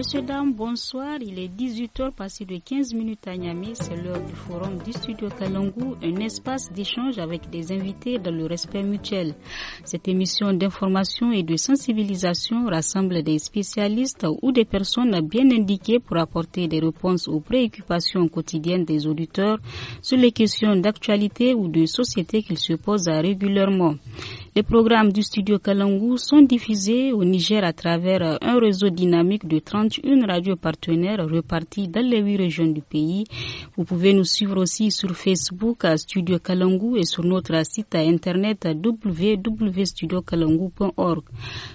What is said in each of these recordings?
Monsieur, dame, bonsoir. Il est 18h passé de 15 minutes à Niamey. C'est l'heure du forum du studio Kalangou, un espace d'échange avec des invités dans le respect mutuel. Cette émission d'information et de sensibilisation rassemble des spécialistes ou des personnes bien indiquées pour apporter des réponses aux préoccupations quotidiennes des auditeurs sur les questions d'actualité ou de société qu'ils se posent régulièrement. Les programmes du studio Kalangu sont diffusés au Niger à travers un réseau dynamique de 31 radios partenaires repartis dans les huit régions du pays. Vous pouvez nous suivre aussi sur Facebook à Studio Kalangu et sur notre site internet www.studiokalangu.org.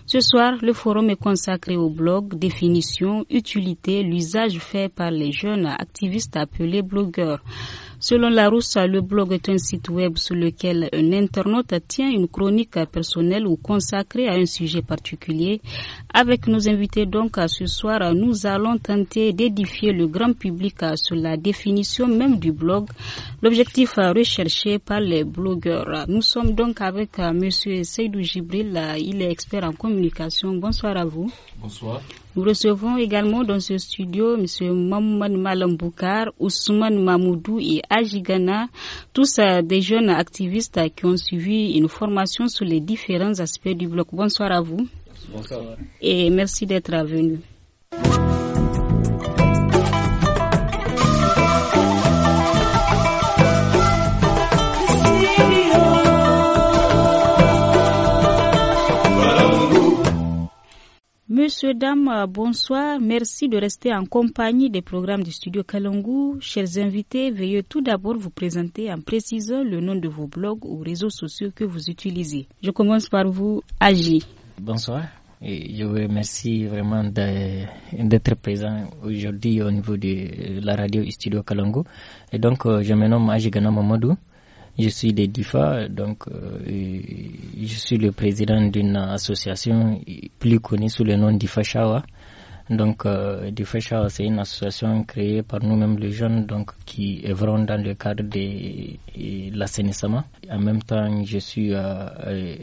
Ce soir, le forum est consacré au blog définition, utilité, l'usage fait par les jeunes activistes appelés blogueurs. Selon Larousse, le blog est un site web sur lequel un internaute tient une chronique personnelle ou consacrée à un sujet particulier. Avec nos invités donc ce soir, nous allons tenter d'édifier le grand public sur la définition même du blog, l'objectif recherché par les blogueurs. Nous sommes donc avec euh, M. Seydou Gibril, il est expert en communication. Bonsoir à vous. Bonsoir. Nous recevons également dans ce studio M. Mamman Malamboukar, Ousmane Mamoudou et Ajigana, tous euh, des jeunes activistes qui ont suivi une formation sur les différents aspects du bloc. Bonsoir à vous. Bonsoir. Et merci d'être venus. Monsieur, dames, euh, bonsoir. Merci de rester en compagnie des programmes du studio Kalongo. Chers invités, veuillez tout d'abord vous présenter en précisant le nom de vos blogs ou réseaux sociaux que vous utilisez. Je commence par vous, Agi. Bonsoir. Et je vous remercie vraiment d'être présent aujourd'hui au niveau de euh, la radio Studio Kalongo. Et donc, euh, je me nomme Aji Gana je suis des DIFA, donc euh, je suis le président d'une association plus connue sous le nom DIFA Shawa. Donc, euh, DIFA Shawa, c'est une association créée par nous-mêmes les jeunes, donc qui œuvrent dans le cadre de l'assainissement. En même temps, je suis euh,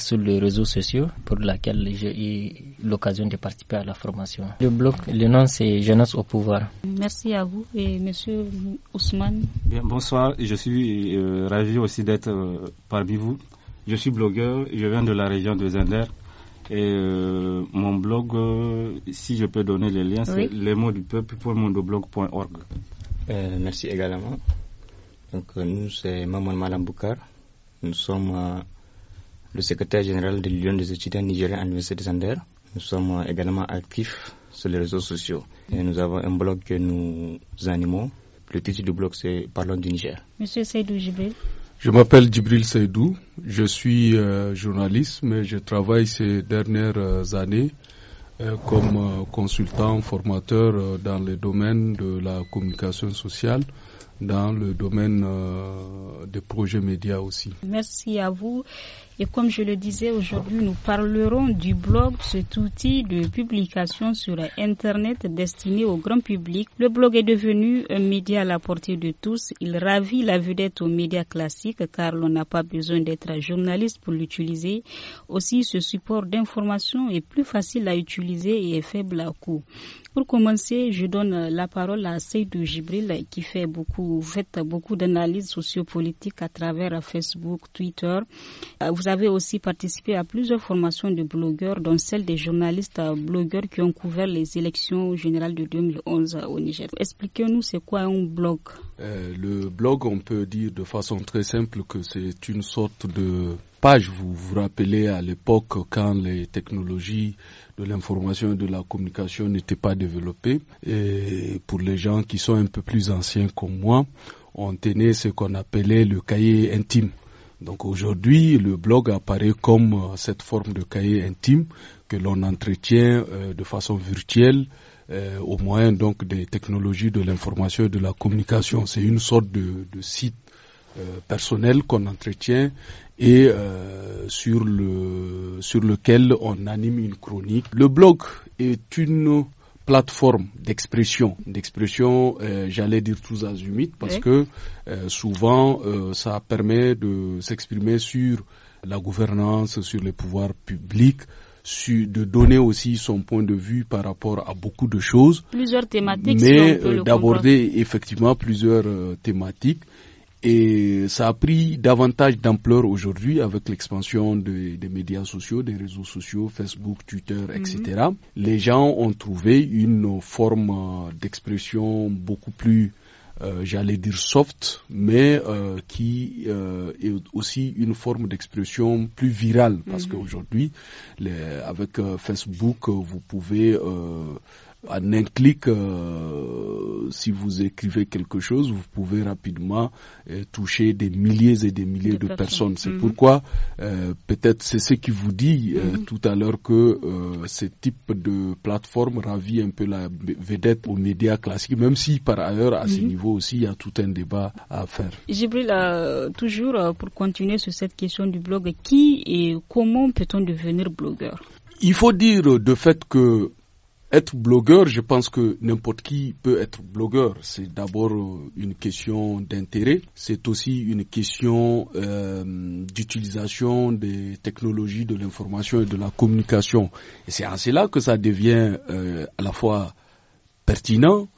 sur les réseaux sociaux pour laquelle j'ai eu l'occasion de participer à la formation. Le blog, le nom c'est Jeunesse au pouvoir. Merci à vous et monsieur Ousmane. bonsoir, je suis euh, ravi aussi d'être euh, parmi vous. Je suis blogueur, je viens de la région de Zender. Et euh, mon blog, si je peux donner les liens, c'est les mots du peuple pour blog.org merci également. Donc, nous, c'est Maman Malamboukar. Nous sommes le secrétaire général de l'Union des étudiants nigériens à l'Université de Sander. Nous sommes également actifs sur les réseaux sociaux. Et nous avons un blog que nous animons. Le titre du blog, c'est Parlons du Niger. Monsieur Seydou Jibril. Je m'appelle Djibril Seydou. Je suis euh, journaliste, mais je travaille ces dernières euh, années euh, comme consultant, formateur dans le domaine de la communication sociale dans le domaine des projets médias aussi. Merci à vous. Et comme je le disais, aujourd'hui, nous parlerons du blog, cet outil de publication sur Internet destiné au grand public. Le blog est devenu un média à la portée de tous. Il ravit la vedette aux médias classiques car l'on n'a pas besoin d'être un journaliste pour l'utiliser. Aussi, ce support d'information est plus facile à utiliser et est faible à coût. Pour commencer, je donne la parole à Seydou Gibril qui fait beaucoup, fait beaucoup d'analyses sociopolitiques à travers Facebook, Twitter. Euh, vous avez aussi participé à plusieurs formations de blogueurs, dont celle des journalistes blogueurs qui ont couvert les élections générales de 2011 au Niger. Expliquez-nous c'est quoi un blog euh, Le blog, on peut dire de façon très simple que c'est une sorte de page. Vous vous rappelez à l'époque quand les technologies de l'information et de la communication n'étaient pas développées. Et pour les gens qui sont un peu plus anciens comme moi, on tenait ce qu'on appelait le cahier intime. Donc aujourd'hui, le blog apparaît comme euh, cette forme de cahier intime que l'on entretient euh, de façon virtuelle euh, au moyen donc des technologies de l'information et de la communication. C'est une sorte de site euh, personnel qu'on entretient et euh, sur, le, sur lequel on anime une chronique. Le blog est une plateforme d'expression, d'expression, euh, j'allais dire tous azimuts, parce que souvent ça permet de s'exprimer sur la gouvernance, sur les pouvoirs publics, de donner aussi son point de vue par rapport à beaucoup de choses. Plusieurs thématiques. Mais d'aborder effectivement plusieurs thématiques et ça a pris davantage d'ampleur aujourd'hui avec l'expansion des médias sociaux, des réseaux sociaux, Facebook, Twitter, etc. Mhm. Les gens ont trouvé une forme euh, d'expression beaucoup plus, euh, j'allais dire soft, mais euh, qui est aussi une forme d'expression plus virale. Parce mhm. qu'aujourd'hui, avec Facebook, vous pouvez en un clic, euh, si vous écrivez quelque chose, vous pouvez rapidement euh, toucher des milliers et des milliers de, personnes. C'est mhm. pourquoi euh, peut-être c'est ce qui vous dit mhm. tout à l'heure que ce type de plateforme ravit un peu la vedette aux médias classiques, même si par ailleurs à ce mhm. niveau aussi il y a tout un débat à faire. là toujours pour continuer sur cette question du blog, qui et comment peut-on devenir blogueur il faut dire de fait que être blogueur, je pense que n'importe qui peut être blogueur. C'est d'abord euh, une question d'intérêt. C'est aussi une question euh, d'utilisation des technologies de l'information et de la communication. Et c'est en cela que ça devient euh, à la fois pertinent,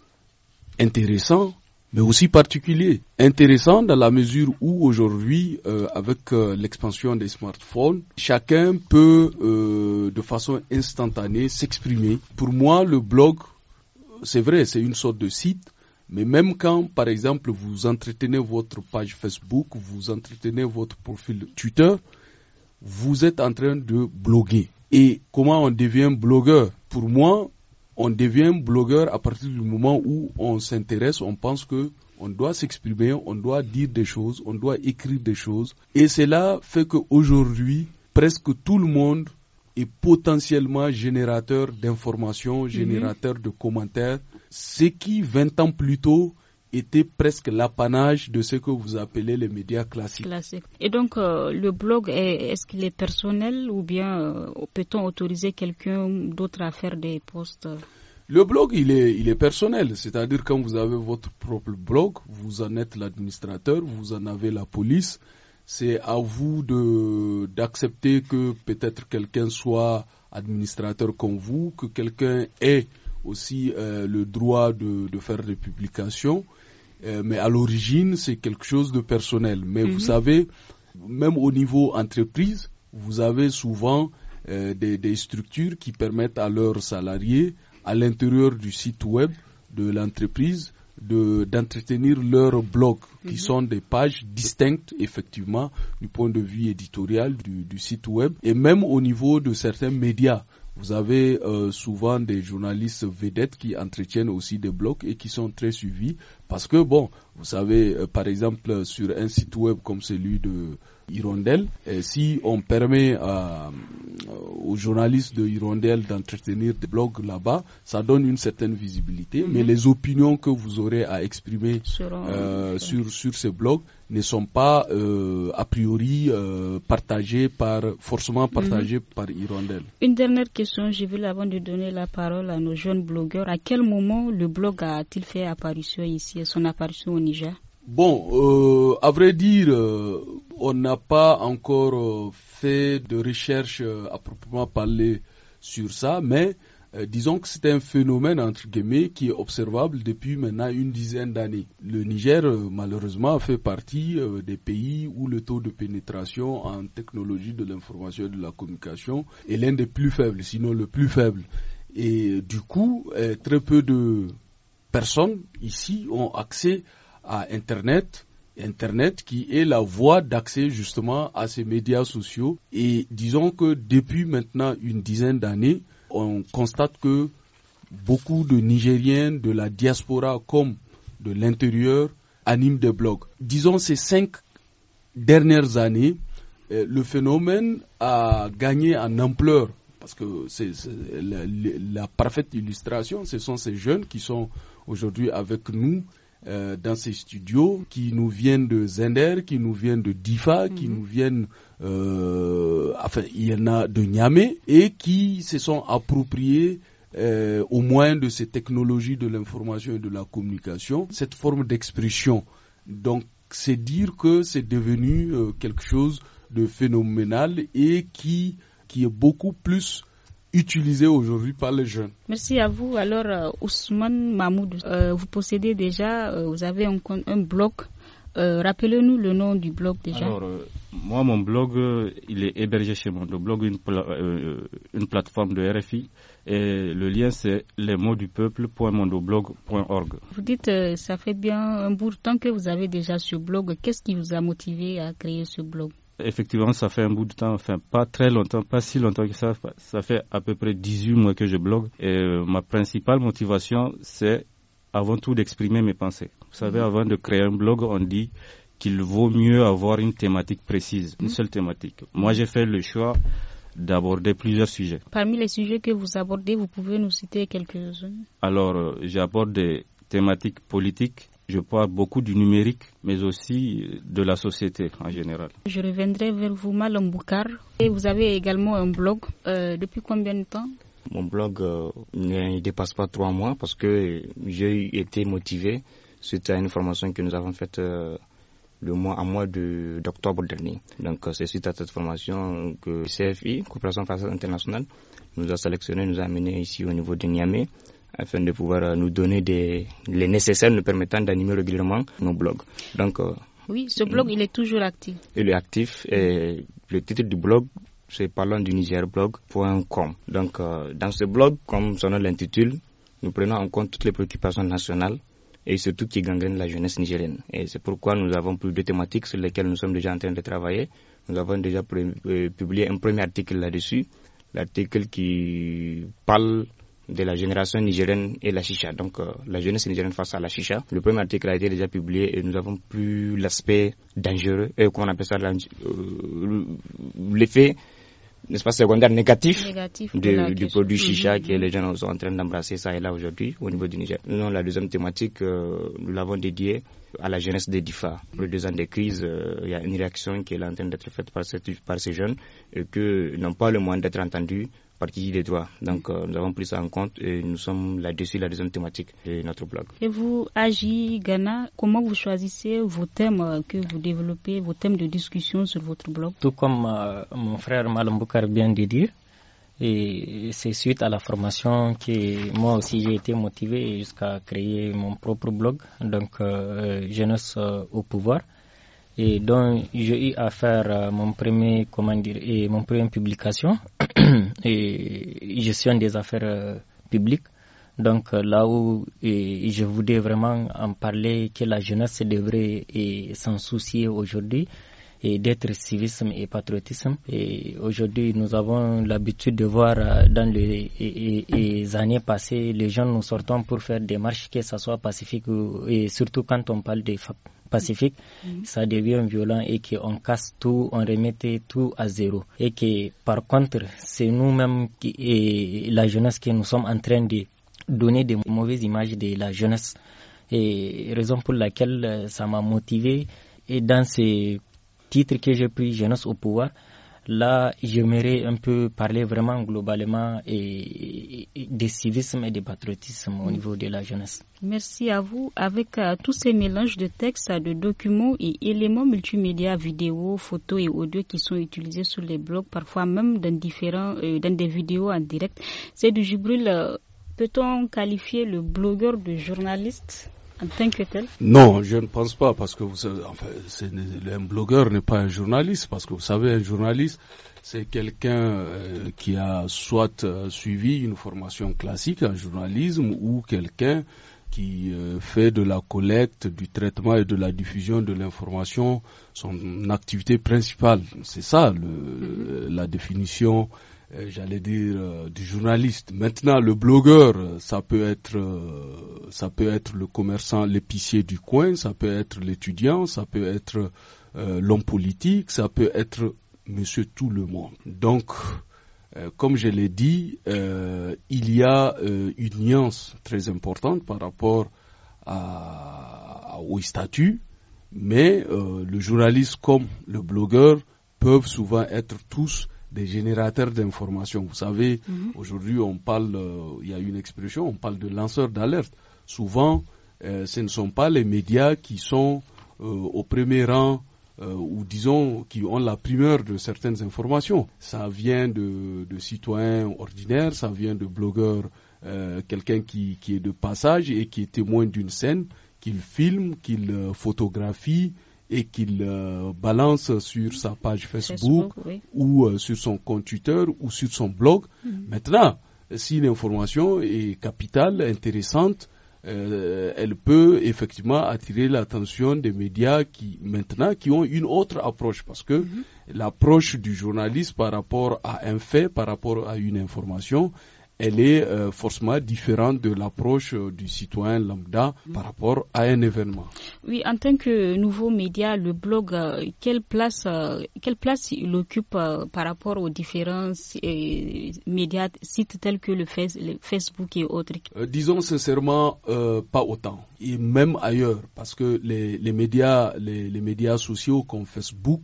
intéressant mais aussi particulier, intéressant dans la mesure où aujourd'hui, euh, avec euh, l'expansion des smartphones, chacun peut euh, de façon instantanée s'exprimer. Pour moi, le blog, c'est vrai, c'est une sorte de site, mais même quand, par exemple, vous entretenez votre page Facebook, vous entretenez votre profil Twitter, vous êtes en train de bloguer. Et comment on devient blogueur Pour moi, on devient blogueur à partir du moment où on s'intéresse, on pense que on doit s'exprimer, on doit dire des choses, on doit écrire des choses. Et cela fait qu'aujourd'hui, presque tout le monde est potentiellement générateur d'informations, mhm. générateur de commentaires, ce qui, 20 ans plus tôt, était presque l'apanage de ce que vous appelez les médias classiques. Et donc, euh, le blog, est-ce qu'il est personnel ou bien euh, peut-on autoriser quelqu'un d'autre à faire des posts Le blog, il est, il est personnel. C'est-à-dire, quand vous avez votre propre blog, vous en êtes l'administrateur, vous en avez la police. C'est à vous de, d'accepter que peut-être quelqu'un soit administrateur comme vous, que quelqu'un ait aussi euh, le droit de, de, faire des publications euh, mais à l'origine, c'est quelque chose de personnel. Mais vous mhm. savez, même au niveau entreprise, vous avez souvent euh, des, structures qui permettent à leurs salariés, à l'intérieur du site web de l'entreprise, d'entretenir leurs blogs, qui mhm. sont des pages distinctes, effectivement, du point de vue éditorial du site web, et même au niveau de certains médias. Vous avez euh, souvent des journalistes vedettes qui entretiennent aussi des blocs et qui sont très suivis parce que, bon, vous savez, euh, par exemple, sur un site web comme celui de si on permet euh, aux journalistes de Hirondelle d'entretenir des blogs là-bas, ça donne une certaine visibilité. Mhm. Mais les opinions que vous aurez à exprimer euh, sur, sur ces blogs ne sont pas euh, a priori partagées par forcément mhm. partagées par Hirondelle. Une dernière question, j'ai vu avant de donner la parole à nos jeunes blogueurs. À quel moment le blog a-t-il fait apparition ici, et son apparition au Niger Bon, euh, à vrai dire, euh, on n'a pas encore euh, fait de recherche à proprement parler sur ça, mais disons que c'est un phénomène, entre guillemets, qui est observable depuis maintenant une dizaine d'années. Le Niger, malheureusement, fait partie des pays où le taux de pénétration en technologie de l'information et de la communication est l'un des plus faibles, sinon le plus faible. Et du coup, très peu de personnes ici ont accès à Internet. Internet qui est la voie d'accès justement à ces médias sociaux. Et disons que depuis maintenant une dizaine d'années, on constate que beaucoup de Nigériens de la diaspora comme de l'intérieur animent des blogs. Disons ces cinq dernières années, euh, le phénomène a gagné en ampleur parce que c'est la, la, parfaite illustration, ce sont ces jeunes qui sont aujourd'hui avec nous euh, dans ces studios qui nous viennent de Zender, qui nous viennent de Difa, qui mhm. nous viennent, euh, enfin, il y en a de Niamey et qui se sont appropriés euh, au moyen de ces technologies de l'information et de la communication, cette forme d'expression. Donc, c'est dire que c'est devenu euh, quelque chose de phénoménal et qui, qui est beaucoup plus utilisé aujourd'hui par les jeunes. Merci à vous. Alors, euh, Ousmane Mahmoud, euh, vous possédez déjà, euh, vous avez un, un blog. Rappelez-nous le nom du blog déjà. Alors, moi, mon blog, il est hébergé chez Mondoblog, une, plateforme de RFI. Et le lien, c'est du peuple.mondoblog.org. Vous dites, ça fait bien un bout de temps que vous avez déjà ce blog. Qu'est-ce qui vous a motivé à créer ce blog effectivement, ça fait un bout de temps, enfin, pas très longtemps, pas si longtemps que ça. Ça fait à peu près 18 mois que je blogue. Et euh, ma principale motivation, c'est avant tout d'exprimer mes pensées. Vous savez, mm-hmm. avant de créer un blog, on dit qu'il vaut mieux avoir une thématique précise, une mm-hmm. seule thématique. Moi, j'ai fait le choix d'aborder plusieurs sujets. Parmi les sujets que vous abordez, vous pouvez nous citer quelques-uns Alors, euh, j'aborde des thématiques politiques, je parle beaucoup du numérique, mais aussi euh, de la société en général. Je reviendrai vers vous, Malom Boukar. Et vous avez également un blog. Euh, depuis combien de temps Mon blog euh, ne dépasse pas trois mois parce que j'ai été motivé suite à une formation que nous avons faite. le mois à mois d'octobre dernier. Donc c'est suite à cette formation que CFI, Coopération Française Internationale, nous a sélectionné, nous a amenés ici au niveau de Niamey afin de pouvoir euh, nous donner des, les nécessaires nous permettant d'animer régulièrement nos blogs. Donc, euh, oui, ce blog, il est toujours actif. Il est actif et le titre du blog, c'est parlant du nigerblog.com. Donc, euh, dans ce blog, comme son nom l'intitule, nous prenons en compte toutes les préoccupations nationales et surtout qui gangrènent la jeunesse nigérienne. Et c'est pourquoi nous avons plus de thématiques sur lesquelles nous sommes déjà en train de travailler. Nous avons déjà publié un premier article là-dessus, l'article qui parle de la génération nigérienne et la chicha. Donc euh, la jeunesse nigérienne face à la chicha. Le premier article a été déjà publié et nous avons plus l'aspect dangereux, et qu'on appelle ça euh, l'effet n'est-ce pas, secondaire négatif, du produit chicha mhm. que les jeunes sont en train d'embrasser ça et là aujourd'hui au niveau du Niger. Non, la deuxième thématique, euh, nous l'avons dédiée à la jeunesse des DIFA. Le deux ans de crise, il y a une réaction qui est en train d'être faite par, ces jeunes et qui n'ont pas le moyen d'être entendus des droits. Donc euh, nous avons pris ça en compte et nous sommes là-dessus, la deuxième thématique de notre blog. Et vous, Agi Ghana, comment vous choisissez vos thèmes euh, que vous développez, vos thèmes de discussion sur votre blog Tout comme euh, mon frère Malamboukar vient de dire, et c'est suite à la formation que moi aussi j'ai été motivé jusqu'à créer mon propre blog, donc Jeunesse au pouvoir et donc j'ai eu à faire euh, mon premier, comment dire, et mon premier publication et gestion des affaires euh, publiques. Donc euh, là où et, je voulais vraiment en parler, que la jeunesse devrait s'en soucier aujourd'hui et d'être civisme et patriotisme. Et aujourd'hui, nous avons l'habitude de voir dans les, années passées, les gens nous sortant pour faire des marches, que ce soit pacifique et surtout quand on parle des pacifique, mhm. ça devient violent et qu'on casse tout, on remettait tout à zéro. Et que par contre, c'est nous-mêmes et la jeunesse que nous sommes en train de donner des mauvaises images de la jeunesse. Et raison pour laquelle euh, ça m'a motivé et dans ces titres que j'ai pris, Jeunesse au pouvoir, Là, j'aimerais un peu parler vraiment globalement et, des civisme et des patriotisme au mm. niveau de la jeunesse. Merci à vous. Avec euh, tous ces mélanges de textes, de documents et éléments multimédia, vidéos, photos et audio qui sont utilisés sur les blogs, parfois même dans, euh, des vidéos en direct, c'est du gibril. Euh, peut-on qualifier le blogueur de journaliste non, je ne pense pas parce que vous un blogueur n'est pas un journaliste parce que vous savez, un journaliste, c'est quelqu'un euh, qui a soit euh, suivi une formation classique en journalisme ou quelqu'un qui euh, fait de la collecte, du traitement et de la diffusion de l'information son activité principale. C'est ça le, mm-hmm. la définition euh, j'allais dire, euh, du journaliste. Maintenant, le blogueur, euh, ça peut être, ça peut être le commerçant, l'épicier du coin, ça peut être l'étudiant, ça peut être l'homme politique, ça peut être monsieur tout le monde. Donc, comme je l'ai dit, il y a une nuance très importante par rapport à, au statut, mais le journaliste comme le blogueur peuvent souvent être tous des générateurs d'informations. Vous savez, mhm. aujourd'hui, on parle, euh, il y a une expression, on parle de lanceurs d'alerte. Souvent, euh, ce ne sont pas les médias qui sont euh, au premier rang ou disons qui ont la primeur de certaines informations. Ça vient de, citoyens ordinaires, ça vient de blogueurs, quelqu'un qui, qui, est de passage et qui est témoin d'une scène, qu'il filme, qu'il photographie, et qu'il euh, balance sur sa page Facebook, ou euh, sur son compte Twitter ou sur son blog. Mm-hmm. Maintenant, si l'information est capitale, intéressante, euh, elle peut effectivement attirer l'attention des médias qui maintenant qui ont une autre approche parce que mm-hmm. l'approche du journaliste par rapport à un fait, par rapport à une information, elle est euh, forcément différente de l'approche euh, du citoyen lambda mm. par rapport à un événement. Oui, en tant que nouveau média, le blog, euh, quelle place, quelle place il occupe par rapport aux différents médias, sites tels que le, Facebook et autres Disons sincèrement, pas autant. Et même ailleurs, parce que les, médias, les, médias sociaux comme Facebook,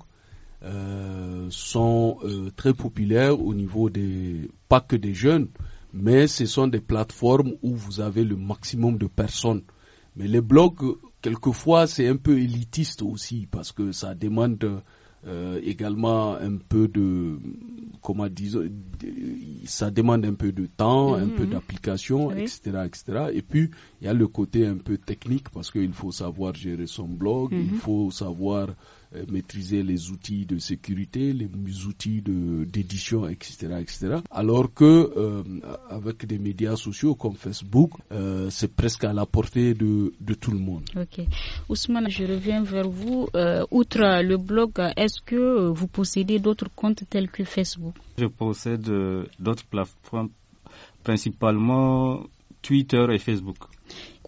sont très populaires au niveau des pas que des jeunes mais ce sont des plateformes où vous avez le maximum de personnes. Mais les blogs, quelquefois, c'est un peu élitiste aussi, parce que ça demande euh, également un peu de, comment ça demande un peu de temps, un mhm. peu d'application, etc., etc. Et puis, il y a le côté un peu technique, parce qu'il faut savoir gérer son blog, il mhm. faut savoir euh, maîtriser les outils de sécurité, les outils d'édition, etc., etc. Alors que euh, avec des médias sociaux comme Facebook, euh, c'est presque à la portée de, tout le monde. Ok. Ousmane, je reviens vers vous. outre le blog, est-ce que vous possédez d'autres comptes tels que Facebook Je possède d'autres plateformes, principalement Twitter et Facebook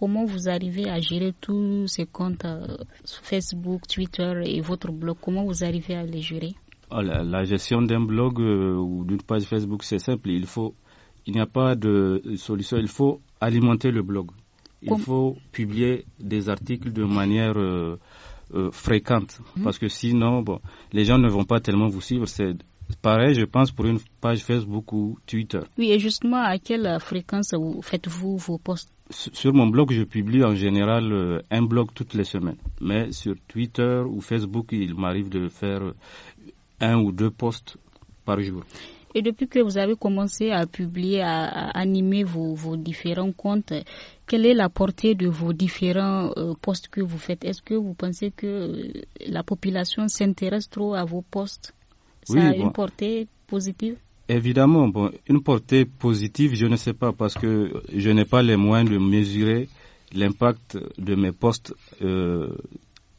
comment vous arrivez à gérer tous ces comptes euh, Facebook, Twitter et votre blog Comment vous arrivez à les gérer ah, la, gestion d'un blog euh, ou d'une page Facebook, c'est simple. Il faut, il n'y a pas de solution. Il faut alimenter le blog. Il faut publier des articles de manière euh, fréquente, hmm. parce que sinon, les gens ne vont pas tellement vous suivre. C'est Pareil, je pense, pour une page Facebook ou Twitter. Oui, et justement, à quelle fréquence faites-vous vos posts Sur mon blog, je publie en général euh, un blog toutes les semaines. Mais sur Twitter ou Facebook, il m'arrive de faire euh, un ou deux posts par jour. Et depuis que vous avez commencé à publier, à, animer vos, différents comptes, quelle est la portée de vos différents euh, posts que vous faites Est-ce que vous pensez que la population s'intéresse trop à vos posts ça oui, une portée positive Évidemment, bon, une portée positive, je ne sais pas, parce que je n'ai pas les moyens de mesurer l'impact de mes postes euh,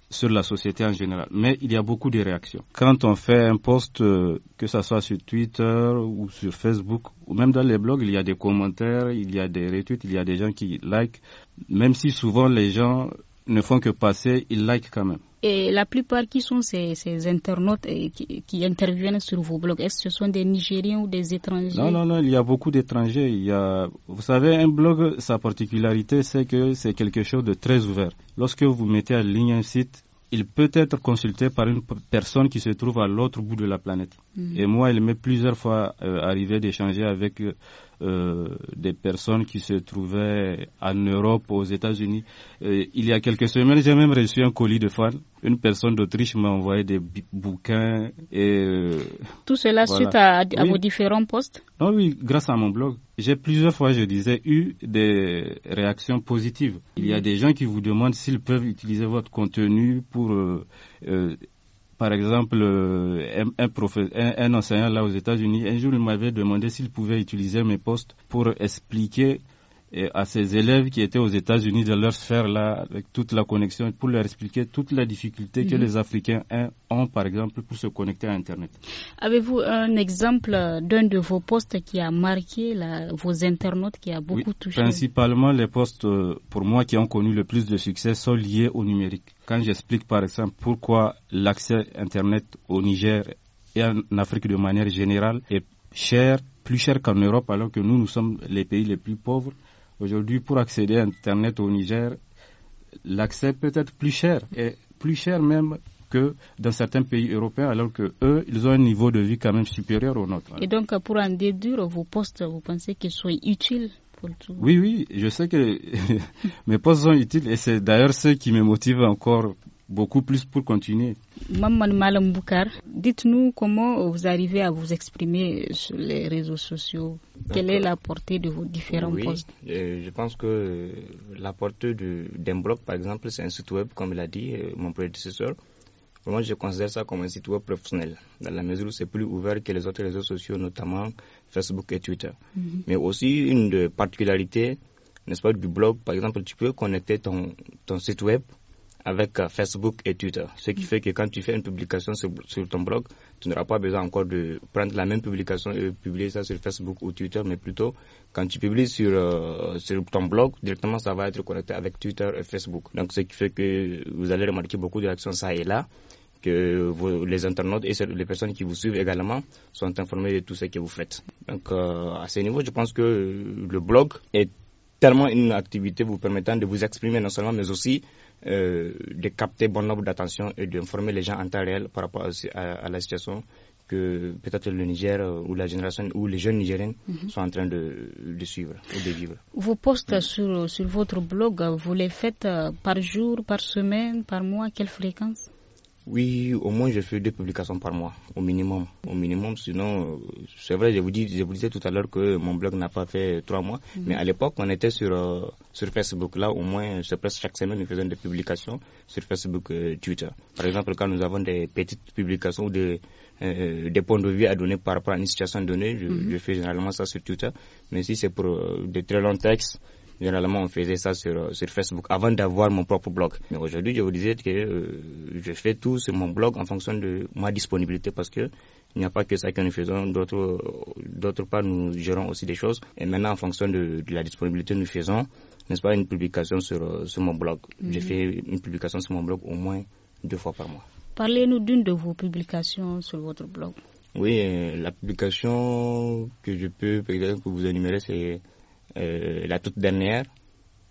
sur la société en général. Mais il y a beaucoup de réactions. Quand on fait un post, euh, que ce soit sur Twitter ou sur Facebook, ou même dans les blogs, il y a des commentaires, il y a des retweets, il y a des gens qui likent, même si souvent les gens ne font que passer, ils likent quand même. Et la plupart qui sont ces, internautes euh, qui, interviennent sur vos blogs, est-ce que ce sont des Nigériens ou des étrangers Non, non, non, il y a beaucoup d'étrangers. Il y a, vous savez, un blog, sa particularité, c'est que c'est quelque chose de très ouvert. Lorsque vous mettez en ligne un site, il peut être consulté par une personne qui se trouve à l'autre bout de la planète. Mm-hmm. Et moi, il m'est plusieurs fois euh, arrivé d'échanger avec euh, euh, des personnes qui se trouvaient en Europe, aux États-Unis. Euh, il y a quelques semaines, j'ai même reçu un colis de fans. Une personne d'Autriche m'a envoyé des bouquins et... Euh, Tout cela suite à, vos différents postes Non, oui, grâce à mon blog. J'ai plusieurs fois, je disais, eu des réactions positives. Il y a mm. des gens qui vous demandent s'ils peuvent utiliser votre contenu pour euh, euh, par exemple, euh, un, enseignant là aux États-Unis, un jour, il m'avait demandé s'il pouvait utiliser mes postes pour expliquer et à ces élèves qui étaient aux États-Unis de leur sphère là, avec toute la connexion, pour leur expliquer toute la difficulté que mhm. les Africains ont, par exemple, pour se connecter à Internet. Avez-vous un exemple d'un de vos postes qui a marqué vos internautes, qui a beaucoup touché Principalement, les postes, euh, pour moi, qui ont connu le plus de succès sont liés au numérique. Quand j'explique, par exemple, pourquoi l'accès Internet au Niger et en Afrique de manière générale est cher, plus cher qu'en Europe, alors que nous, nous sommes les pays les plus pauvres, Aujourd'hui, pour accéder à Internet au Niger, l'accès peut être plus cher, et plus cher même que dans certains pays européens, alors que eux, ils ont un niveau de vie quand même supérieur au nôtre. Et donc, pour en déduire vos postes, vous pensez qu'ils soient utiles pour tout Oui, oui, je sais que mes postes sont utiles et c'est d'ailleurs ce qui me motive encore beaucoup plus pour continuer. Maman Malam Boukar, dites-nous comment vous arrivez à vous exprimer sur les réseaux sociaux. Quelle est la portée de vos différents oui, postes euh, Je pense que la portée d'un blog, par exemple, c'est un site web, comme l'a dit euh, mon prédécesseur. Moi, je considère ça comme un site web professionnel, dans la mesure où c'est plus ouvert que les autres réseaux sociaux, notamment Facebook et Twitter. Mhm. Mais aussi, une particularité, n'est-ce pas, du blog, par exemple, tu peux connecter ton, ton site web avec euh, Facebook et Twitter. Ce qui mm. fait que quand tu fais une publication sur, ton blog, tu n'auras pas besoin encore de prendre la même publication et publier ça sur Facebook ou Twitter, mais plutôt quand tu publies sur, euh, sur ton blog, directement ça va être connecté avec Twitter et Facebook. Donc ce qui fait que vous allez remarquer beaucoup de réactions ça et là que les internautes et les personnes qui vous suivent également sont informés de tout ce que vous faites. Donc euh, à ce niveau, je pense que le blog est tellement une activité vous permettant de vous exprimer non seulement, mais aussi euh, de capter bon nombre d'attention et d'informer les gens en temps réel par rapport à, la situation que peut-être le Niger euh, ou la génération ou les jeunes Nigériens mhm. sont en train de, de, suivre ou de vivre. Vos postes sur, sur votre blog, vous les faites euh, par jour, par semaine, par mois, quelle fréquence oui, au moins je fais deux publications par mois, au minimum. Au minimum, sinon, euh, c'est vrai, je vous, dis, je disais tout à l'heure que mon blog n'a pas fait trois mois, mhm. mais à l'époque, on était sur, euh, sur Facebook. Là, au moins, je presque chaque semaine, nous faisons des publications sur Facebook, euh, Twitter. Par exemple, quand nous avons des petites publications ou des, des points de vue à donner par rapport à une situation donnée, je, mhm. je fais généralement ça sur Twitter. Mais si c'est pour des très longs textes, Généralement, on faisait ça euh, sur, Facebook avant d'avoir mon propre blog. Mais aujourd'hui, je vous disais que euh, je fais tout sur mon blog en fonction de ma disponibilité parce que il n'y a pas que ça que nous faisons. D'autres, euh, part, nous gérons aussi des choses. Et maintenant, en fonction de, la disponibilité, nous faisons, n'est-ce pas, une publication sur, sur mon blog. J'ai mhm. fait une publication sur mon blog au moins deux fois par mois. Parlez-nous d'une de vos publications sur votre blog. Oui, la publication que je peux que vous énumérer, c'est euh, la toute dernière,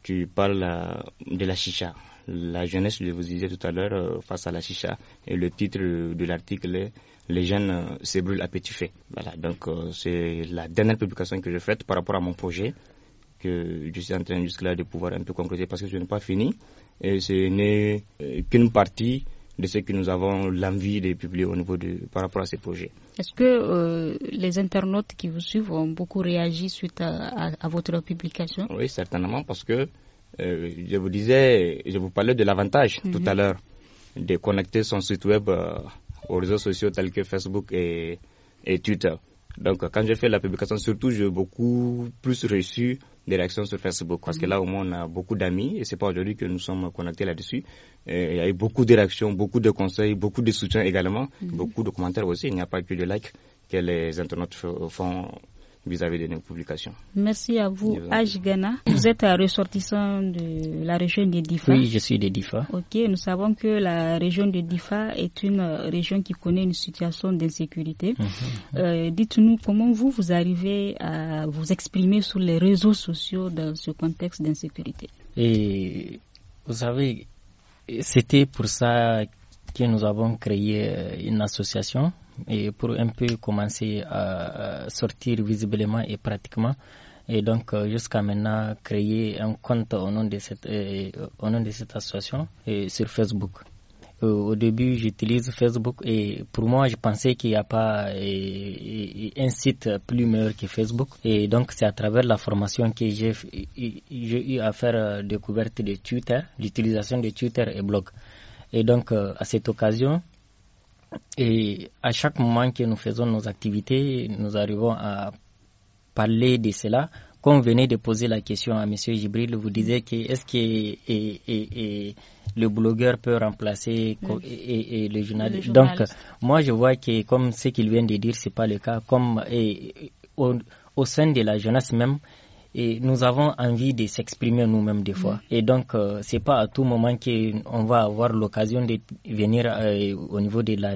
tu parles euh, de la chicha. La jeunesse, je vous disais tout à l'heure, euh, face à la chicha. Et le titre de l'article est Les jeunes se brûlent à petit Voilà, donc c'est la dernière publication que j'ai faite par rapport à mon projet que je suis en train jusque-là de pouvoir un peu concrétiser parce que je n'ai pas fini. Et ce n'est qu'une partie de ce que nous avons l'envie de publier au niveau de, par rapport à ces projets. Est-ce que euh, les internautes qui vous suivent ont beaucoup réagi suite à, votre publication Oui, certainement, parce que euh, je vous disais, je vous parlais de l'avantage tout à mhm. l'heure de connecter son site web euh, aux réseaux sociaux tels que Facebook et Twitter. Donc, quand j'ai fait la publication, surtout, j'ai beaucoup plus reçu des réactions sur Facebook parce que là, au moins, on a beaucoup d'amis et c'est pas aujourd'hui que nous sommes connectés là-dessus. Il y a eu beaucoup de réactions, beaucoup de conseils, beaucoup de soutien également, mhm. beaucoup de commentaires aussi. Il n'y a pas que de likes que les internautes font vis-à-vis de nos publications. Merci à vous, Ajgana. Vous êtes ressortissant de la région de Difa. Oui, je suis de Difa. Ok, nous savons que la région de Difa est une euh, région qui connaît une situation d'insécurité. Mhm. Euh, dites-nous comment vous, vous arrivez à vous exprimer sur les réseaux sociaux dans ce contexte d'insécurité. Et vous savez, c'était pour ça que nous avons créé euh, une association et pour un peu commencer à sortir visiblement et pratiquement. Et donc, euh, jusqu'à maintenant, créer un compte au nom de cette, euh, au nom de cette association sur Facebook. Euh, au début, j'utilise Facebook et pour moi, je pensais qu'il n'y a pas un site plus meilleur que Facebook. Et donc, c'est à travers la formation que j'ai eu à faire découverte de Twitter, l'utilisation de Twitter et blog. Et donc, à cette occasion, et à chaque moment que nous faisons nos activités, nous arrivons à parler de cela. Quand vous venez de poser la question à M. Gibril, vous disiez que est-ce que le blogueur peut remplacer le, et, journaliste. Donc, moi, je vois que comme ce qu'il vient de dire, ce n'est pas le cas. Comme au sein de la jeunesse même, et nous avons envie de s'exprimer nous-mêmes des fois. Mm. Et donc, euh, ce n'est pas à tout moment qu'on va avoir l'occasion de venir euh, au niveau de la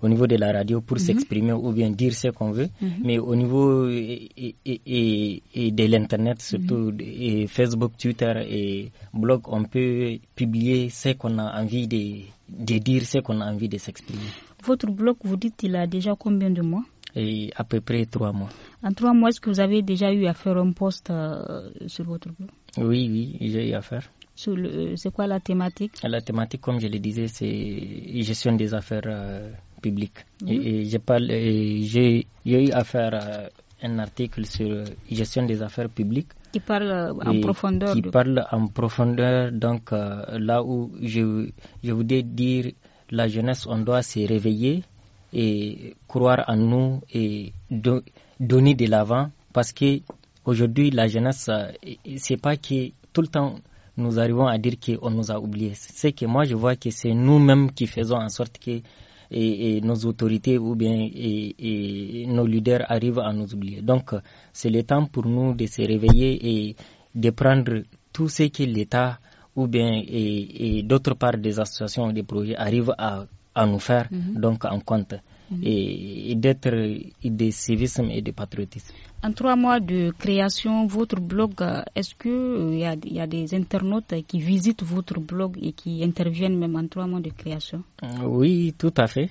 au niveau de la radio pour mm-hmm. s'exprimer ou bien dire ce qu'on veut, mm-hmm. mais au niveau et, et, et de l'internet surtout mm-hmm. Facebook, Twitter et blog, on peut publier ce qu'on a envie de, de dire, ce qu'on a envie de s'exprimer. Votre blog, vous dites, il a déjà combien de mois et à peu près trois mois. En trois mois, est-ce que vous avez déjà eu à faire un poste euh, sur votre blog Oui, oui, j'ai eu à faire. Euh, c'est quoi la thématique La thématique, comme je le disais, c'est gestion des affaires euh, publiques. Et, mhm. j'ai eu à faire un article sur gestion des affaires publiques. Qui parle en profondeur. Qui parle en profondeur, donc là où je, je voulais dire la jeunesse, on doit se réveiller et croire en nous et donner de l'avant parce que aujourd'hui la jeunesse euh, c'est pas que tout le temps nous arrivons à dire qu'on nous a oubliés. C'est que moi je vois que c'est nous-mêmes qui faisons en sorte que nos autorités ou bien nos leaders arrivent à nous oublier. Donc c'est le temps pour nous de se réveiller et de prendre tout ce que l'État ou bien et, d'autre part des associations des projets arrivent à à nous faire, mm-hmm. donc en compte, mm-hmm. et, d'être de civisme et de patriotisme. En trois mois de création, votre blog, est-ce qu'il euh, y, a, y a des internautes qui visitent votre blog et qui interviennent même en trois mois de création euh, Oui, tout à fait.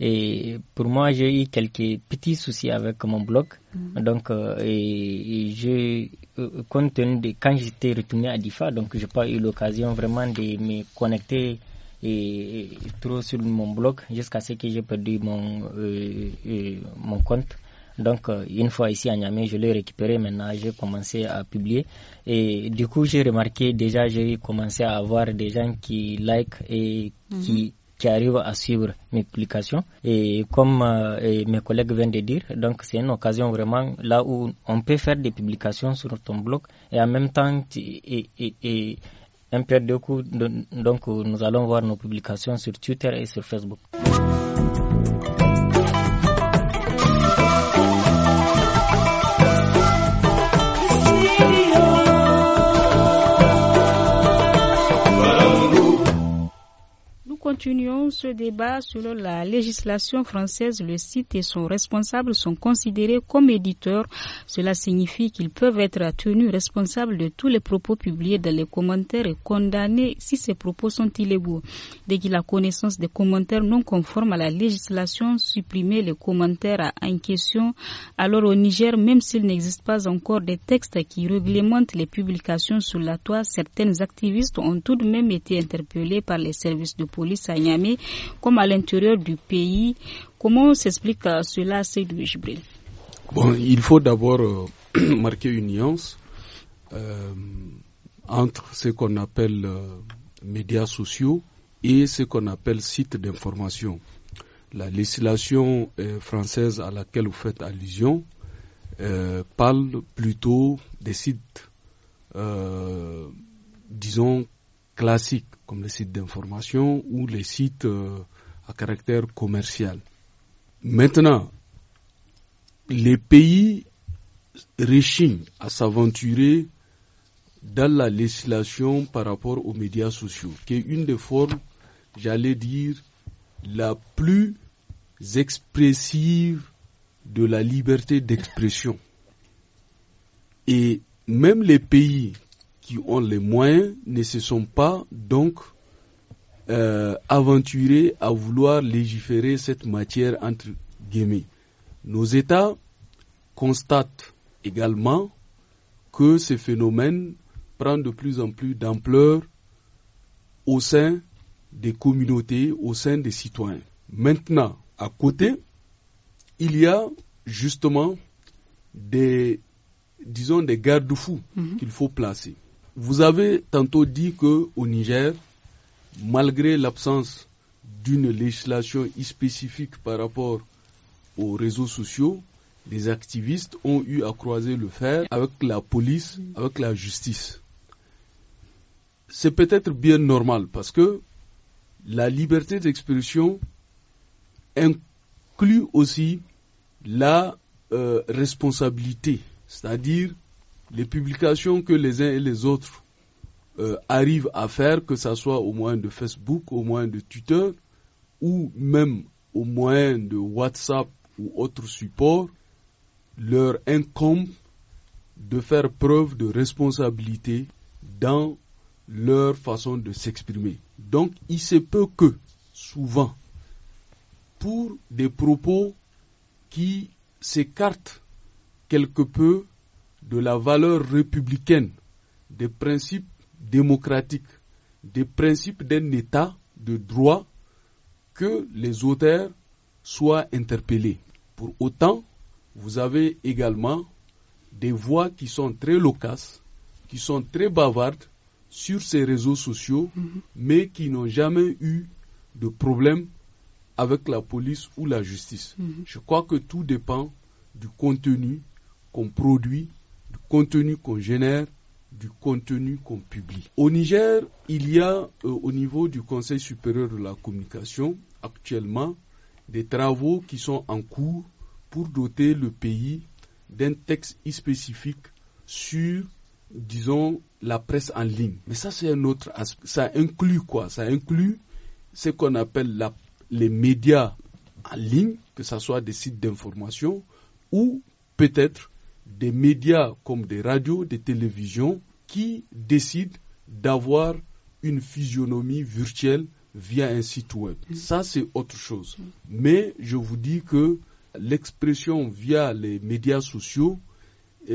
Et pour moi, j'ai eu quelques petits soucis avec mon blog. Mm-hmm. Donc, euh, et, j'ai je, compte de quand j'étais retourné à DIFA, donc j'ai pas eu l'occasion vraiment de me connecter et, trop sur mon blog jusqu'à ce que j'ai perdu mon, euh, euh, mon compte. Donc, euh, une fois ici à Niamey, je l'ai récupéré. Maintenant, j'ai commencé à publier. Et du coup, j'ai remarqué déjà, j'ai commencé à avoir des gens qui like et qui, mhm. qui arrivent à suivre mes publications. Et comme mes collègues viennent de dire, donc c'est une occasion vraiment là où on peut faire des publications sur ton blog et en même temps, et, et un de coup, donc nous allons voir nos publications sur Twitter et sur Facebook. continuons ce débat sur la législation française. Le site et son responsable sont considérés comme éditeurs. Cela signifie qu'ils peuvent être tenus responsables de tous les propos publiés dans les commentaires et condamnés si ces propos sont illégaux. Dès qu'il a connaissance des commentaires non conformes à la législation, supprimer les commentaires en question. Alors au Niger, même s'il n'existe pas encore des textes qui réglementent les publications sur la toile, certaines activistes ont tout de même été interpellés par les services de police comme à l'intérieur du pays. Comment s'explique euh, cela, Seydou Jibril il faut d'abord euh, marquer une nuance euh, entre ce qu'on appelle médias sociaux et ce qu'on appelle sites d'information. La législation française à laquelle vous faites allusion parle plutôt des sites, disons, classiques comme les sites d'information ou les sites euh, à caractère commercial. Maintenant, les pays réchignent à s'aventurer dans la législation par rapport aux médias sociaux, qui est une des formes, j'allais dire, la plus expressive de la liberté d'expression. Et même les pays qui ont les moyens ne se sont pas donc euh, aventurés à vouloir légiférer cette matière entre guillemets. Nos États constatent également que ces phénomènes prend de plus en plus d'ampleur au sein des communautés, au sein des citoyens. Maintenant, à côté, il y a justement des, disons, des garde-fous mhm. qu'il faut placer. Vous avez tantôt dit que au Niger, malgré l'absence d'une législation spécifique par rapport aux réseaux sociaux, les activistes ont eu à croiser le fer avec la police, avec la justice. C'est peut-être bien normal parce que la liberté d'expression inclut aussi la euh, responsabilité, c'est-à-dire les publications que les uns et les autres euh, arrivent à faire, que ce soit au moyen de Facebook, au moyen de Twitter, ou même au moyen de WhatsApp ou autres supports, leur incombe de faire preuve de responsabilité dans leur façon de s'exprimer. Donc il se peut que, souvent, pour des propos qui s'écartent quelque peu de la valeur républicaine, des principes démocratiques, des principes d'un État de droit que les auteurs soient interpellés. Pour autant, vous avez également des voix qui sont très loquaces, qui sont très bavardes sur ces réseaux sociaux, mhm. mais qui n'ont jamais eu de problème avec la police ou la justice. Mhm. Je crois que tout dépend du contenu qu'on produit contenu qu'on génère du contenu qu'on publie. Au Niger, il y a euh, au niveau du Conseil supérieur de la communication actuellement des travaux qui sont en cours pour doter le pays d'un texte spécifique sur, disons, la presse en ligne. Mais ça, c'est un autre aspect. Ça inclut quoi Ça inclut ce qu'on appelle les médias en ligne, que ce soit des sites d'information ou peut-être des médias comme des radios, des télévisions qui décident d'avoir une physionomie virtuelle via un site web. Mm. Ça, c'est autre chose. Mm. Mais je vous dis que l'expression via les médias sociaux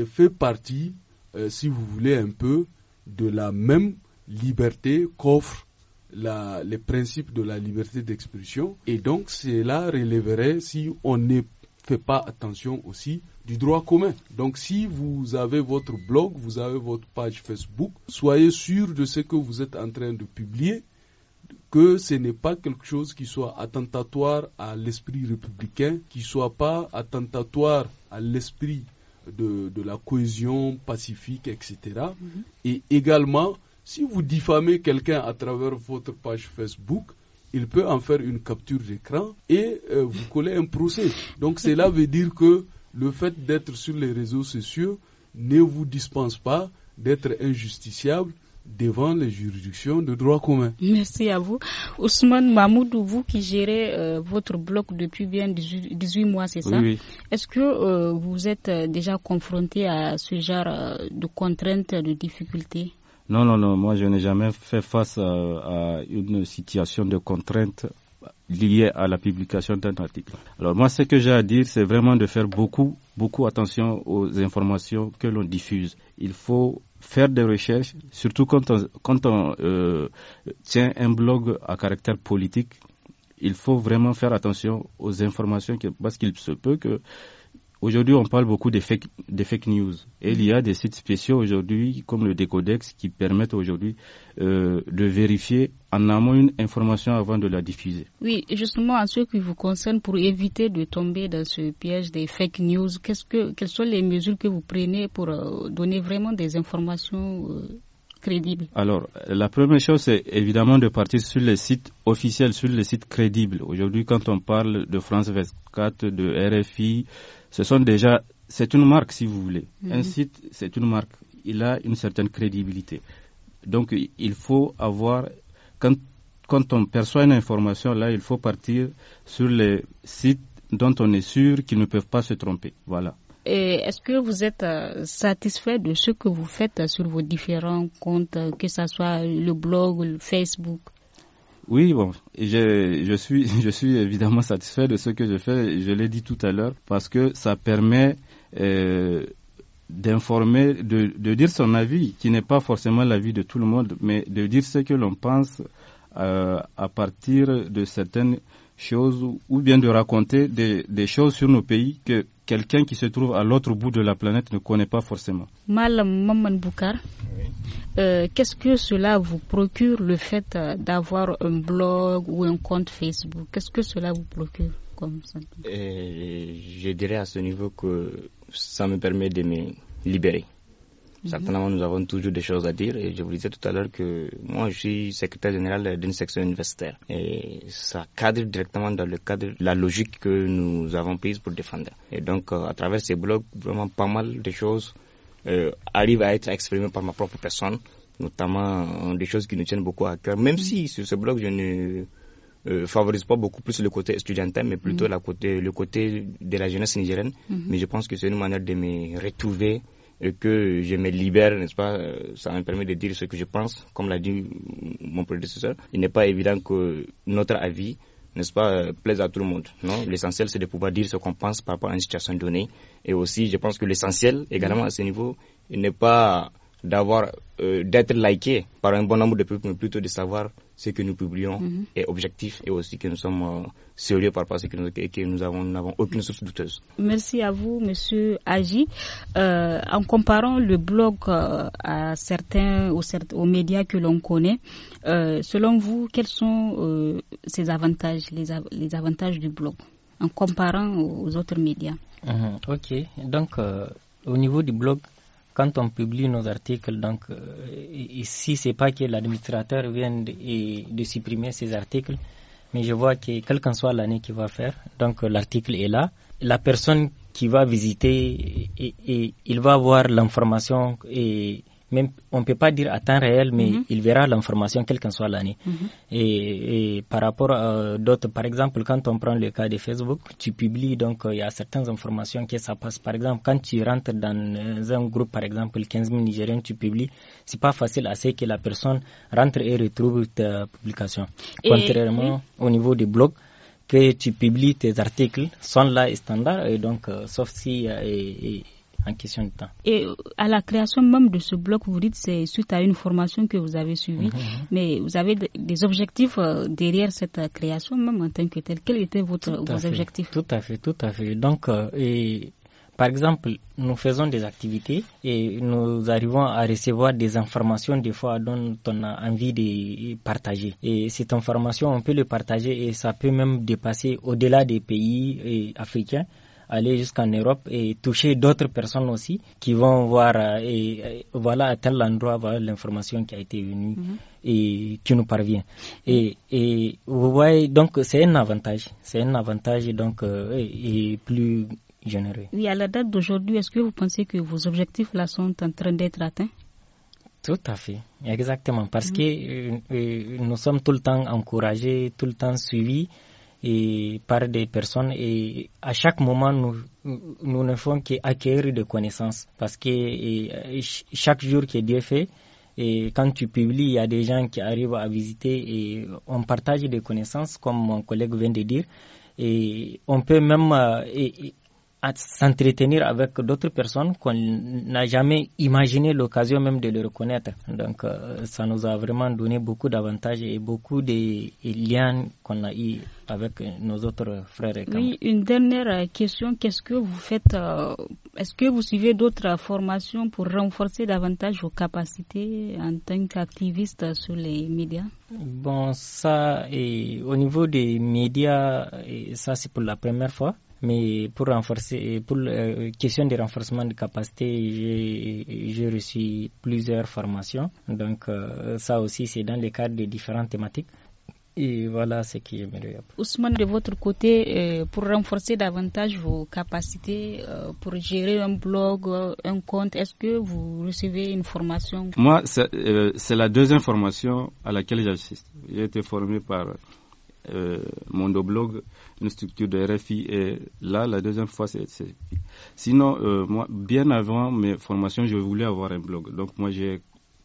fait partie, euh, si vous voulez un peu, de la même liberté qu'offrent les principes de la liberté d'expression. Et donc, cela relèverait, si on ne fait pas attention aussi, du droit commun. Donc si vous avez votre blog, vous avez votre page Facebook, soyez sûr de ce que vous êtes en train de publier, que ce n'est pas quelque chose qui soit attentatoire à l'esprit républicain, qui soit pas attentatoire à l'esprit de, de, la cohésion pacifique, etc. Mm-hmm. Et également, si vous diffamez quelqu'un à travers votre page Facebook, il peut en faire une capture d'écran et euh, vous coller un procès. Donc cela veut dire que le fait d'être sur les réseaux sociaux ne vous dispense pas d'être injusticiable devant les juridictions de droit commun. Merci à vous. Ousmane Mahmoudou, vous qui gérez euh, votre bloc depuis bien 18 mois, c'est ça oui, Est-ce que euh, vous êtes euh, déjà confronté à ce genre de contraintes, de difficultés Non, non, non. Moi, je n'ai jamais fait face à, à, une situation de contrainte liées à la publication d'un article. Alors moi, ce que j'ai à dire, c'est vraiment de faire beaucoup, beaucoup attention aux informations que l'on diffuse. Il faut faire des recherches, surtout quand on, euh, tient un blog à caractère politique. Il faut vraiment faire attention aux informations parce qu'il se peut que Aujourd'hui, on parle beaucoup des fake, news. Et il y a des sites spéciaux aujourd'hui, comme le Décodex, qui permettent aujourd'hui euh, de vérifier en amont une information avant de la diffuser. Oui, justement, en ce qui vous concerne, pour éviter de tomber dans ce piège des fake news, qu'est-ce que, quelles sont les mesures que vous prenez pour euh, donner vraiment des informations euh, crédibles Alors, la première chose, c'est évidemment de partir sur les sites officiels, sur les sites crédibles. Aujourd'hui, quand on parle de France 24, de RFI, ce sont déjà, c'est une marque si vous voulez. Mhm. Un site, c'est une marque. Il a une certaine crédibilité. Donc il faut avoir, quand, quand on perçoit une information, là, il faut partir sur les sites dont on est sûr qu'ils ne peuvent pas se tromper. Voilà. Est-ce que vous êtes euh, satisfait de ce que vous faites sur vos différents comptes, que ce soit le blog, le Facebook oui, bon, je, je, suis, je suis évidemment satisfait de ce que je fais, je l'ai dit tout à l'heure, parce que ça permet euh, d'informer, de, de, dire son avis, qui n'est pas forcément l'avis de tout le monde, mais de dire ce que l'on pense euh, à partir de certaines choses ou bien de raconter des, choses sur nos pays que quelqu'un qui se trouve à l'autre bout de la planète ne connaît pas forcément. Mal Maman Boukar, euh, qu'est-ce que cela vous procure le fait euh, d'avoir un blog ou un compte Facebook Qu'est-ce que cela vous procure comme ça Je dirais à ce niveau que ça me permet de me libérer. Mhm. Certainement, nous avons toujours des choses à dire. Et je vous disais tout à l'heure que moi, je suis secrétaire général d'une section universitaire. Et ça cadre directement dans le cadre de la logique que nous avons prise pour défendre. Et donc, euh, à travers ces blogs, vraiment pas mal de choses euh, arrivent à être exprimées par ma propre personne, notamment euh, des choses qui nous tiennent beaucoup à cœur. Même mhm. si sur ce blog, je ne favorise pas beaucoup plus le côté étudiantin, mais plutôt mhm. la côté, le côté de la jeunesse nigérienne. Mais je pense que c'est une manière de me retrouver et que je me libère, n'est-ce pas euh, Ça me permet de dire ce que je pense, comme l'a dit mon prédécesseur. Il n'est pas évident que notre avis, n'est-ce pas, euh, plaise à tout le monde. Non, l'essentiel c'est de pouvoir dire ce qu'on pense par rapport à une situation donnée. Et aussi, je pense que l'essentiel également à ce niveau n'est pas d'avoir euh, d'être liké par un bon nombre de peuples mais plutôt de savoir ce que nous publions mhm. est objectif et aussi que nous sommes euh, sérieux par rapport à ce que nous, que nous n'avons aucune source douteuse. Merci à vous, Monsieur Agi. Euh, en comparant le blog à certains, aux, médias que l'on connaît, selon vous, quels sont ces avantages, les, avantages du blog, en comparant aux, autres médias mhm. Ok, donc au niveau du blog, quand on publie nos articles, donc ici, euh, c'est pas que l'administrateur vient de, de, supprimer ces articles, mais je vois que quelle qu'en soit l'année qu'il va faire, donc euh, l'article est là. La personne qui va visiter, et, il va voir l'information et même, on ne peut pas dire à temps réel, mais mhm. il verra l'information quelle qu'en soit l'année. Mhm. et, par rapport à d'autres, par exemple, quand on prend le cas de Facebook, tu publies, donc euh, il y a certaines informations qui ça passe. Par exemple, quand tu rentres dans euh, un groupe, par exemple, 15 000 Nigériens, tu publies, c'est pas facile à ce que la personne rentre et retrouve ta publication. Contrairement au niveau des blogs, que tu publies tes articles sont là et standards, et donc, euh, sauf si en question de temps. Et euh, à la création même de ce bloc, vous dites c'est suite à une formation que vous avez suivie, mhm, mhm. mais vous avez des objectifs euh, derrière cette euh, création même en tant que telle. Quels étaient vos objectifs Tout à fait, tout à fait. Donc, par exemple, nous faisons des activités et nous arrivons à recevoir des informations des fois dont on a envie de partager. Et cette information, on peut le partager et ça peut même dépasser au-delà des pays africains aller jusqu'en Europe et toucher d'autres personnes aussi qui vont voir euh, et, euh, voilà à tel endroit l'information qui a été venue mhm. et qui nous parvient. Et, et vous voyez donc c'est un avantage, c'est un avantage donc euh, et, plus généreux. Oui, à la date d'aujourd'hui, est-ce que vous pensez que vos objectifs là sont en train d'être atteints? Tout à fait, exactement, parce mhm. que nous sommes tout le temps encouragés, tout le temps suivis et par des personnes et à chaque moment nous, nous ne faisons qu'acquérir des connaissances parce que chaque jour que Dieu fait et quand tu publies, il y a des gens qui arrivent à visiter et on partage des connaissances, comme mon collègue vient de dire. Et on peut même euh, à s'entretenir avec d'autres personnes qu'on n'a jamais imaginé l'occasion même de le reconnaître. Donc, euh, ça nous a vraiment donné beaucoup d'avantages et beaucoup de liens qu'on a eu avec nos autres frères et Oui, une dernière question. Qu'est-ce que vous faites euh, Est-ce que vous suivez d'autres formations pour renforcer davantage vos capacités en tant qu'activiste sur les médias Bon, ça, et au niveau des médias, ça c'est pour la première fois. Mais pour renforcer, pour euh, question de renforcement de capacité, j'ai reçu plusieurs formations. Donc euh, ça aussi, c'est dans le cadre des différentes thématiques. Et voilà ce qui est merveilleux. Ousmane, de votre côté, euh, pour renforcer davantage vos capacités, pour gérer un blog, un compte, est-ce que vous recevez une formation Moi, c'est la deuxième formation à laquelle j'assiste. J'ai été formé par euh, Mondoblog, une structure de RFI. Et là, la deuxième fois, c'est. Sinon, euh, moi, bien avant mes formations, je voulais avoir un blog. Donc, moi, j'ai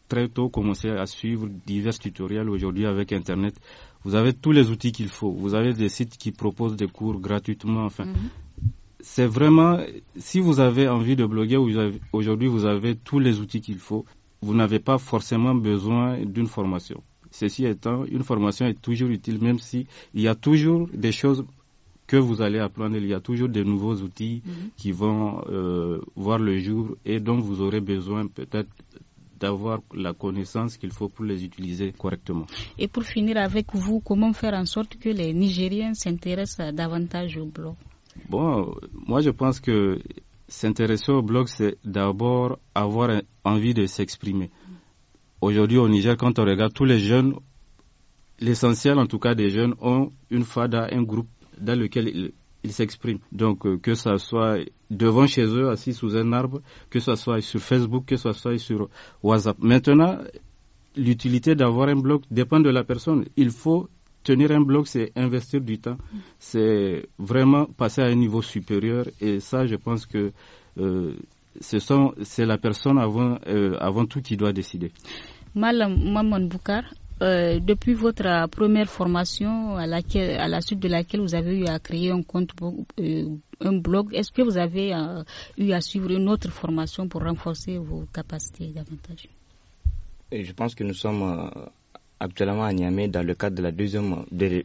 très tôt commencé à suivre divers tutoriels aujourd'hui avec Internet. Vous avez tous les outils qu'il faut. Vous avez des sites qui proposent des cours gratuitement. Enfin, mm-hmm. c'est vraiment. Si vous avez envie de bloguer, aujourd'hui, vous avez tous les outils qu'il faut. Vous n'avez pas forcément besoin d'une formation. Ceci étant, une formation est toujours utile, même si il y a toujours des choses que vous allez apprendre. Il y a toujours de nouveaux outils mhm. qui vont euh, voir le jour et dont vous aurez besoin peut-être d'avoir la connaissance qu'il faut pour les utiliser correctement. Et pour finir avec vous, comment faire en sorte que les Nigériens s'intéressent davantage au blog Bon, moi je pense que s'intéresser au blog, c'est d'abord avoir envie de s'exprimer. Mhm. Aujourd'hui au Niger, quand on regarde tous les jeunes, l'essentiel en tout cas des jeunes ont une fada, un groupe dans lequel ils s'expriment. Donc, euh, que ce soit devant chez eux, assis sous un arbre, que ce soit sur Facebook, que ce soit sur WhatsApp. Maintenant, l'utilité d'avoir un blog dépend de la personne. Il faut tenir un blog, c'est investir du temps, c'est vraiment passer à un niveau supérieur. Et ça, je pense que euh, c'est la personne euh, avant tout qui doit décider. Malam Maman Boukar, euh, depuis votre première formation à, la suite de laquelle vous avez eu à créer un compte, euh, un blog, est-ce que vous avez euh, eu à suivre une autre formation pour renforcer vos capacités davantage Je pense que nous sommes actuellement à Niamey dans le cadre de la deuxième, de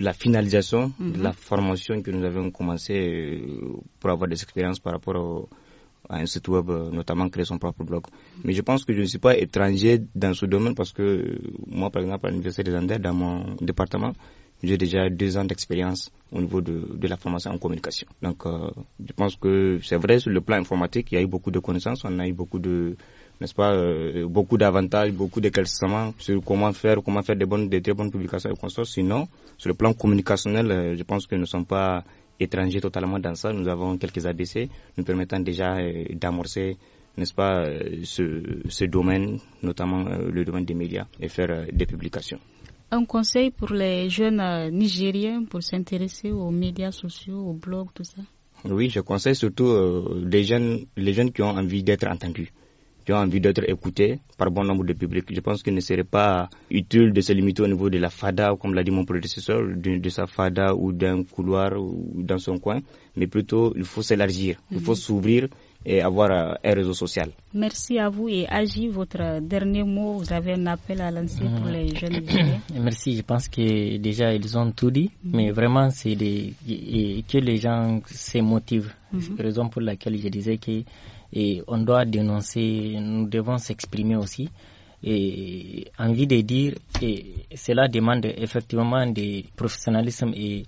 la finalisation de mhm. la formation que nous avons commencé pour avoir des expériences par rapport au, à un site web, euh, notamment créer son propre blog. Mais je pense que je ne suis pas étranger dans ce domaine parce que euh, moi, par exemple, à l'Université des Andes, dans mon département, j'ai déjà deux ans d'expérience au niveau de, de, la formation en communication. Donc, euh, je pense que c'est vrai sur le plan informatique, il y a eu beaucoup de connaissances, on a eu beaucoup de, n'est-ce pas, beaucoup d'avantages, beaucoup d'éclaircissements sur comment faire, comment faire des bonnes, très bonnes publications et consorts. Sinon, sur le plan communicationnel, je pense que nous ne sommes pas étrangers totalement dans ça. Nous avons quelques ADC nous permettant déjà euh, d'amorcer n'est-ce pas, euh, ce, domaine, notamment euh, le domaine des médias, et faire des publications. Un conseil pour les jeunes Nigériens pour s'intéresser aux médias sociaux, aux blogs, tout ça Oui, je conseille surtout les, jeunes, les jeunes qui ont envie d'être entendus ont envie d'être écoutés par bon nombre de publics. Je pense qu'il ne serait pas utile de se limiter au niveau de la FADA, comme l'a dit mon prédécesseur, de, de sa FADA ou d'un couloir ou dans son coin, mais plutôt il faut s'élargir, il faut mhm. s'ouvrir et avoir euh, un réseau social. Merci à vous et Agi, votre dernier mot, vous avez un appel à lancer pour mhm. les jeunes Merci, je pense que déjà ils ont tout dit, mhm. mais vraiment c'est que les gens se motivent. C'est la raison pour laquelle je disais que et on doit dénoncer, nous devons s'exprimer aussi. Et envie de dire, et cela demande effectivement des professionnalisme et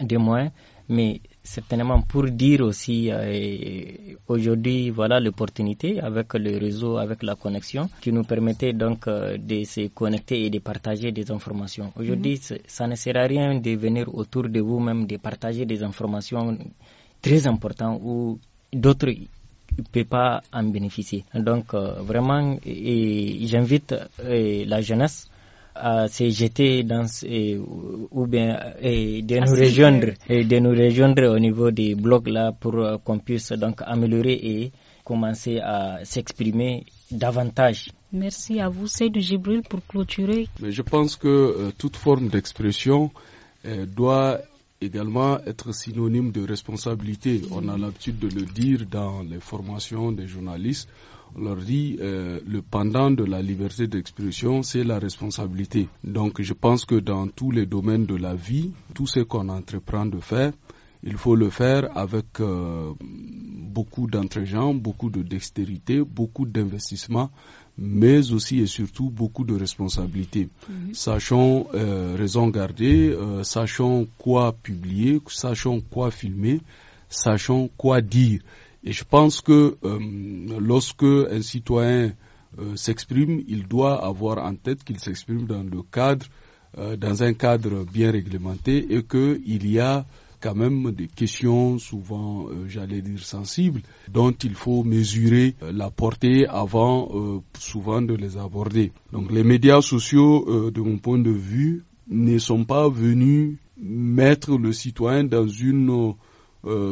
des moyens, mais certainement pour dire aussi euh, aujourd'hui voilà l'opportunité avec le réseau avec la connexion qui nous permettait donc euh, de se connecter et de partager des informations aujourd'hui mhm. ça ne sert à rien de venir autour de vous même de partager des informations très importantes ou d'autres peut pas en bénéficier. Donc euh, vraiment, j'invite euh, la jeunesse à se jeter dans et, ou bien et de nous rejoindre et de nous rejoindre au niveau des blocs là pour euh, qu'on puisse donc améliorer et commencer à s'exprimer davantage. Merci à vous, Seydou Gibril, pour clôturer. je pense que toute forme d'expression doit également être synonyme de responsabilité. On a l'habitude de le dire dans les formations des journalistes. On leur dit euh, le pendant de la liberté d'expression, c'est la responsabilité. Donc je pense que dans tous les domaines de la vie, tout ce qu'on entreprend de faire, il faut le faire avec euh, beaucoup dentre beaucoup de dextérité, beaucoup d'investissement mais aussi et surtout beaucoup de responsabilités. Mhm. sachant euh, raison garder, euh, sachant quoi publier, sachant quoi filmer, sachant quoi dire. Et je pense que euh, lorsque un citoyen s'exprime, il doit avoir en tête qu'il s'exprime dans le cadre, dans un cadre bien réglementé et qu'il y a quand même des questions souvent, euh, j'allais dire, sensibles, dont il faut mesurer euh, la portée avant euh, souvent de les aborder. Donc les médias sociaux, de mon point de vue, ne sont pas venus mettre le citoyen dans une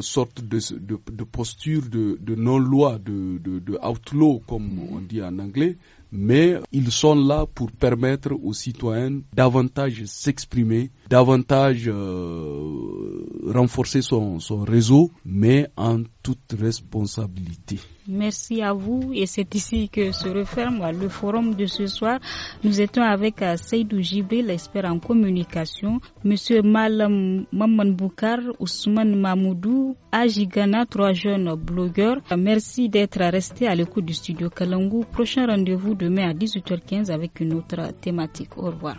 sorte de, posture de, de non-loi, de, de, outlaw, comme on dit en anglais, mais ils sont là pour permettre aux citoyens davantage s'exprimer, davantage euh, renforcer son, son réseau, mais en toute responsabilité. Merci à vous et c'est ici que se referme euh, le forum de ce soir. Nous étions avec euh, Seydou Jibé, l'expert en communication, Monsieur Malam Maman Boukar, Ousmane Mamoudou, Ajigana, trois jeunes blogueurs. Merci d'être restés à l'écoute du studio Kalangou. Prochain rendez-vous demain à 18h15 avec une autre thématique. Au revoir.